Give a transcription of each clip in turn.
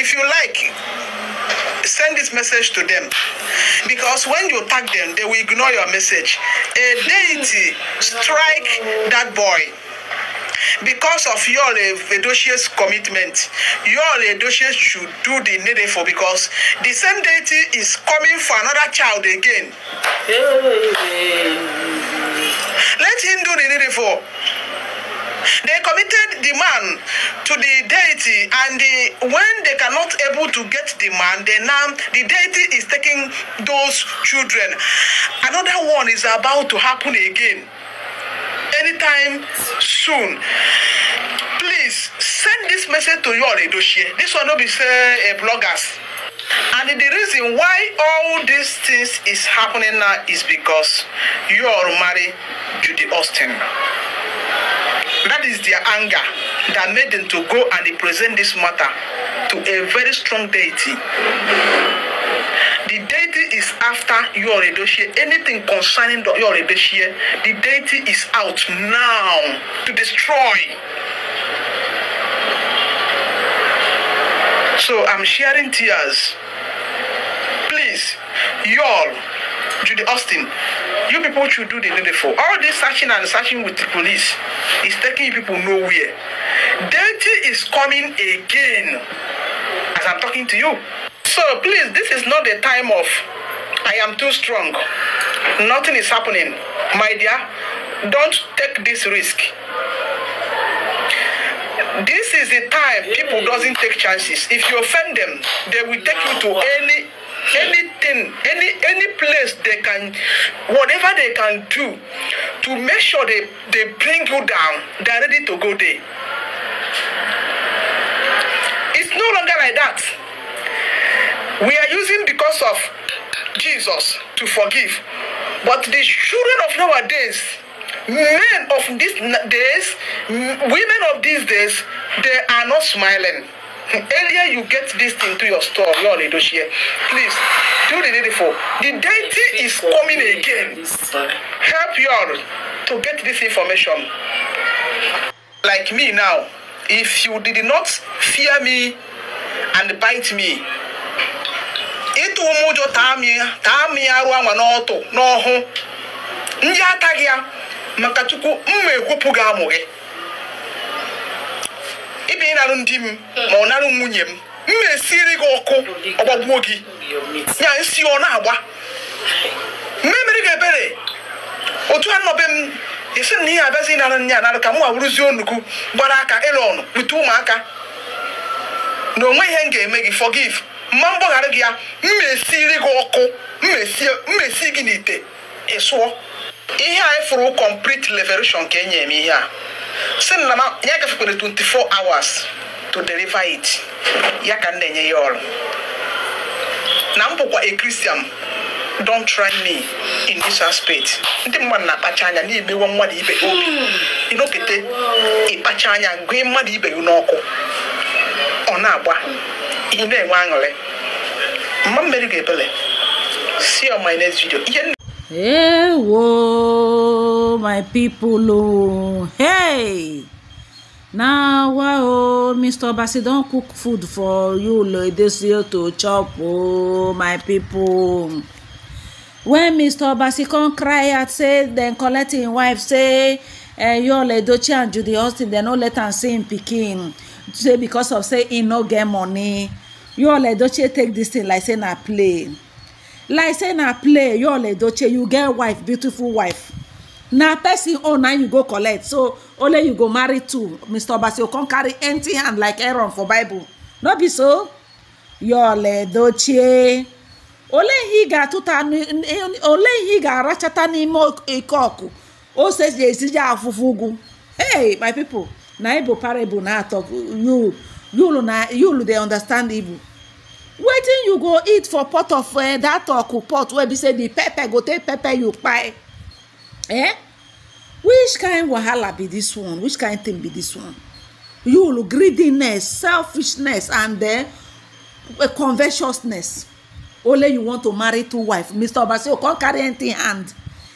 If you like, send this message to them because when you tag them, they will ignore your message. A deity strike that boy because of your Edochie's commitment, your Edochie should do the needful because the same deity is coming for another child again. Let him do the needful. They committed the man to the deity, and the, when they cannot able to get the man, then now the deity is taking those children. Another one is about to happen again. Anytime soon. Please send this message to your Edochie. This one no be say uh, bloggers. And the reason why all these things is happening now is because you are married Judy Austin. That is their anger that made them to go and represent this matter to a very strong deity. The deity is after your Edoshie. Anything concerning your Edoshie, the deity is out now to destroy. So I'm sharing tears. Please, y'all, Judy Austin, You people should do the for All this searching and searching with the police is taking people nowhere. Dirty is coming again as I'm talking to you. So please, this is not the time of I am too strong. Nothing is happening. My dear, don't take this risk. This is the time people doesn't take chances. If you offend them, they will take you to any anything, any any place they can, whatever they can do to make sure they, they bring you down, they're ready to go there. It's no longer like that. We are using because of Jesus to forgive. But the children of nowadays, men of these days, women of these days, they are not smiling earlier you get this thing to your store lord edochie please do the needful the deity is coming again help you all to get this information like me now if you did not fear me and bite me ịtụ m ụjọ taa m ya taa m ya arụ anwa n'ọtụ n'ọhụ ndị aka gị ya maka chukwu mma ekwepụ gị amụ gị ibe ị narụ ndị m ma ọ narụ nwunye m m na-esiri gị ọkụ ọgbagbuo gị ya nsi ọ na-agba mgbe emere gị ebere otu a m esi na ihe abịazi ịnara nye anarụ ka m nwa wụrụzie onuku gbara aka ịlọnụ rute ụmụaka na onwe ihe m ga-eme gị forgive mma mgbaghara gị ya mma gị ọkụ mmesi gị n'ite ịsụọ ihe anyị e fụrụ complete liberation ka enye m ihe a si na m ya gafekwara 24 hours to deliver it ya ka m na-enye ya ọrụ na m bụkwa a Christian don't try me in this aspect ndị mmadụ na-akpacha anya na-emewe mmadụ ibe obi ịnọkete hmm. ịkpacha anya gụọ mmadụ ibe gị n'ọkụ ọ na-agba ị na-enwe aṅụrị mma mmeri ga-ebele see you on my next video Hey, whoa, my people, oh, hey! now, wa o mr obasi don cook food for you this e year to chop o my people. When mr obasi come cry out say then collect im wife say eh, yul edochie and judy austin They no let him see im pikin say because of say he no get money yul edochie take this thing like say na play like say na play your doche, you get wife beautiful wife na person own na you go collect so only you go marry two mr obasio come carry empty hand like aaron for bible no be so your doche. ole ihe ị ga-atụta ole ihe ị ga-arachata n'ime ike ọkụ ose ji ezije afụfụ ugwu hey my people na ịbụ parable na atọ yulu na yulu dey understand igbo wetin you go eat for pot of uh, eh, that oku pot wey be say the pepper go take pepper you kpai eh which kind wahala be this one which kind thing be this one you greediness selfishness and uh, eh, covetousness only you want to marry two wife mr obasi go come carry empty hand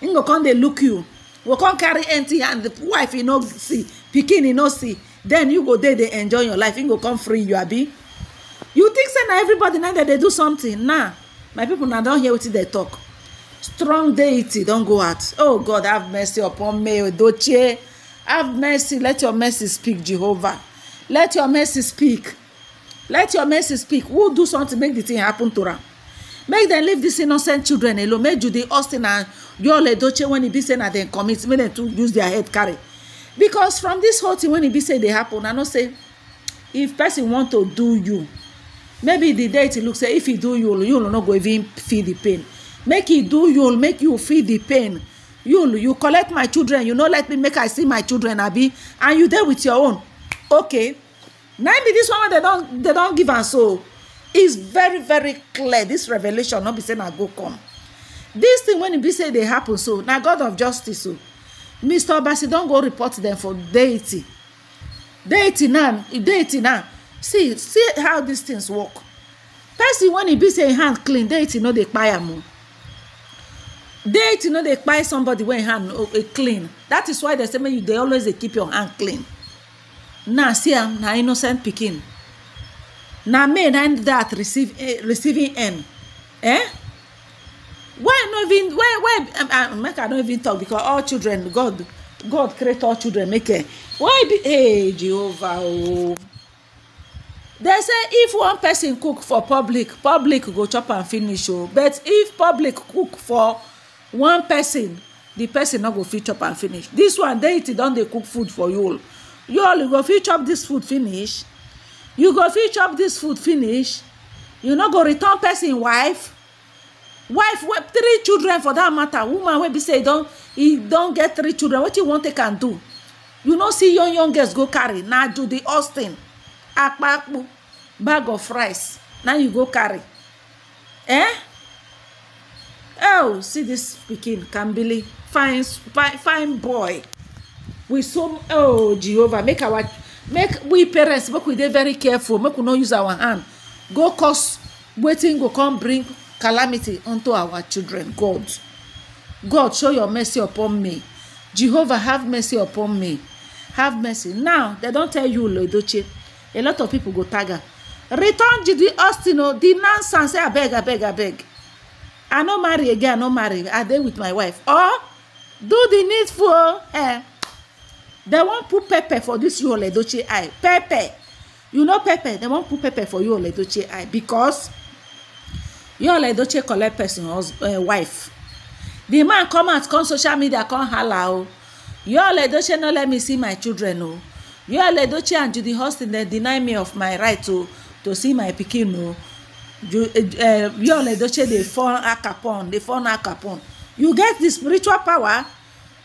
him go come dey look you go come carry empty hand the wife e no see pikin e no see then you go dey dey enjoy your life him go come free you abi you think say na everybody na dem dey do something nah my people na don hear wetin dem talk strong deity don go out oh god have mercy upon me odoche have mercy let your mercy speak jehovah let your mercy speak let your mercy speak who do something make the thing happen to am make dem leave dis innocent children alone make judy austin and yul Doche when e be say na dem commit make dem too use their head carry because from dis whole thing when e be say dey happen i know say if person want to do you maybe day deity looks say if you do you'll not go even feel the pain make it do you'll make you feel the pain You'll you collect my children you know let me make i see my children Abby and you there with your own okay this woman be do one they don't give us so is very very clear this revelation Not be saying I go come This thing when it be say they happen so Now god of justice so, mr obasi not go report them for deity deity now see see how these things work person when e be say im hand clean deity no dey kpai am o deity no dey kpai somebody wey im hand oh, eh, clean that is why dem say make you dey always dey keep your hand clean now see am na innocent pikin na me na that receive eh, receiving end eh why no even why why um, um, make i no even talk because all children god god create all children make eh why be eh jehovah ooo. Oh they say if one person cook for public public go chop am finish o oh. but if public cook for one person the person no go fit chop am finish this one deity don dey cook food for you all you all you go fit chop this food finish you go fit chop this food finish you no go return person wife wife wey three children for that matter woman wey be say He e don get three children wetin you wan take am do you no see young young girls go carry na judy austin akpakpo bag of rice Now you go carry eh oh see this pikin kambili fine fine boy we so oh jehovah make our make we parents make we they very careful make we no use our hand go cause waiting go come bring calamity unto our children god god show your mercy upon me jehovah have mercy upon me have mercy now they don't tell you loidoche a lot of people go tag am return judy austin o the nonsense say abeg abeg abeg i no marry again i no marry i dey with my wife or do the needful o oh, eh dem wan put pepper for dis you oledoche eye pepper you know pepper dem wan put pepper for you oledoche eye because you oledoche collect person uh, wife the man come out come social media come hala o oh. you oledoche no let me see my children o oh. you oledoche and judy austin dem deny me of my right o. Oh to see my pikin o eh, eh, you uh, Yul Edochie dey form acapon dey form acapon you get the spiritual power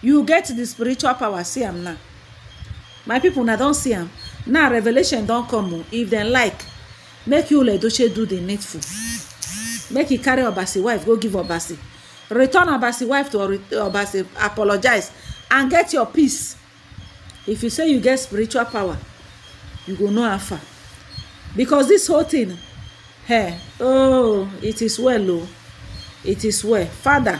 you get the spiritual power see am now my people una don see am now revelation don come o if dem like make Yul Edochie do the needful make he carry Obasi wife go give Obasi return Obasi wife to Obasi apologize and get your peace if you say you get spiritual power you go know how far because this whole thing hey, oh it is well oh it is well father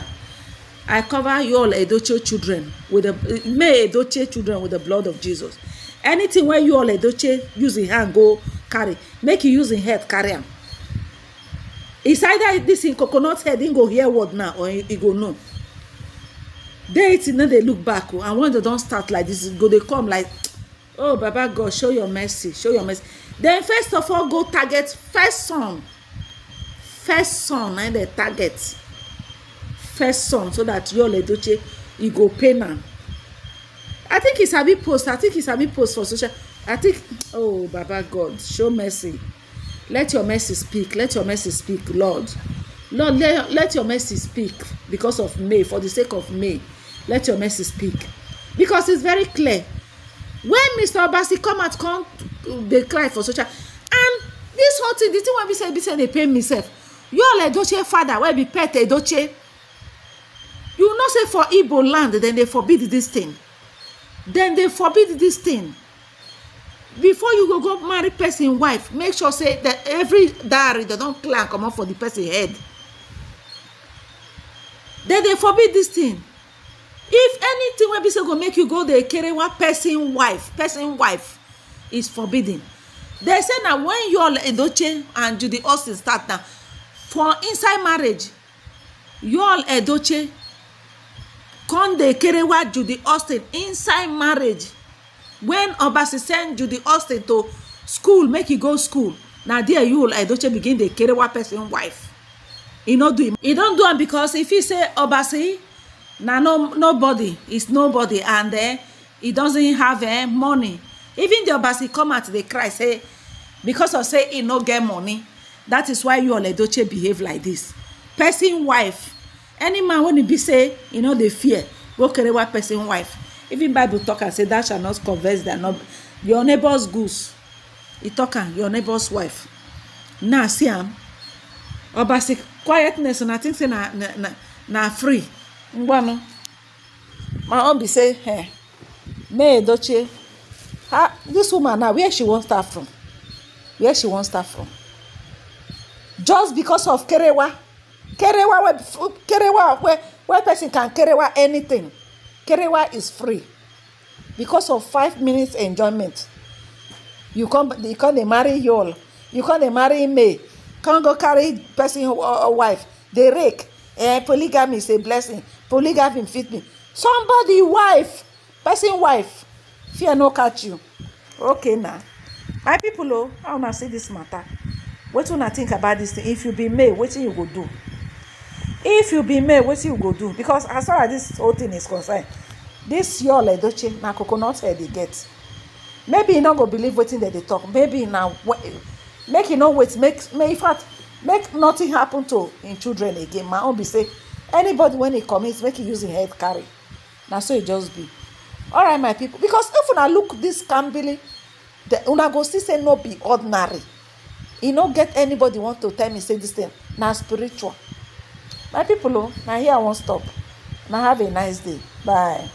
i cover you all edoche children with the may edoche children with the blood of jesus anything wey you all edoche use him hand go carry make you use him head carry am it's either this him coconut head him go hear word now or he go know deity no dey look back Oh, and when they don start like this go dey come like oh baba god show your mercy show your mercy Then first of all go target first son first son na dem target first son so that yul edochie e go pay am i think he sabi post i think he sabi post for social i think oh baba god show mercy let your mercy speak let your mercy speak lord lord let, let your mercy speak because of may for the sake of may let your mercy speak because it's very clear when mr obasi come out come dey cry for social and this whole thing the thing wey be say be say dey pain me sef yul edochie father wey be pet edochie you know say for igbo land dem dey forbid this thing dem dey forbid this thing before you go go marry person wife make sure say that every diary dem don clear comot for the person head dem dey forbid this thing thing wey be say go make you go dey carry one person wife person wife is forbidden They say na wen yul edoche and judy austin start na for inside marriage yul edoche come dey carry wa judy austin inside marriage when obasi send judy austin to school make e go school na there yul edoche begin dey carry wa person wife He no do him. He don do am because e feel say obasi na no nobody is nobody and eh, e doesn't have eh, money even the obasi come out dey cry say because of say he no get money that is why you oledoche behave like this person wife any man wey e be say e no dey fear go carry one person wife even bible talk am say that shall not converse their neighbor your neighbor's goose he talk am your neighbor's wife now see am um, obasi quietness una think say na na na free ngwanụ ma ọ bụ say eh mee edochie ha this woman na where she wan start from where she wan start from just because of kerewa kerewa wey kerewa wey wey person can kerewa anything kerewa is free because of five minutes enjoyment you come you come dey marry yall you come dey marry may come go carry person uh, uh wife dey rake eh, polygamy is a blessing polygamy fit me. somebody wife person wife fear no catch you okay na my people oh, I wanna see this matter What wetin una think about this thing if you be male what you go do if you be male what you go do because as far as this whole thing is concerned this your ledoche na coconut hair they get maybe e not go believe what they talk maybe now, make e no wait make make in fact make nothing happen to im children again my own be say anybody when he commit make e use im head carry na so e just be alright my people. because if una look this kambili una go see say no be ordinary e no get anybody want to tell me say this thing na spiritual my people. o oh, na here i wan stop na have a nice day bye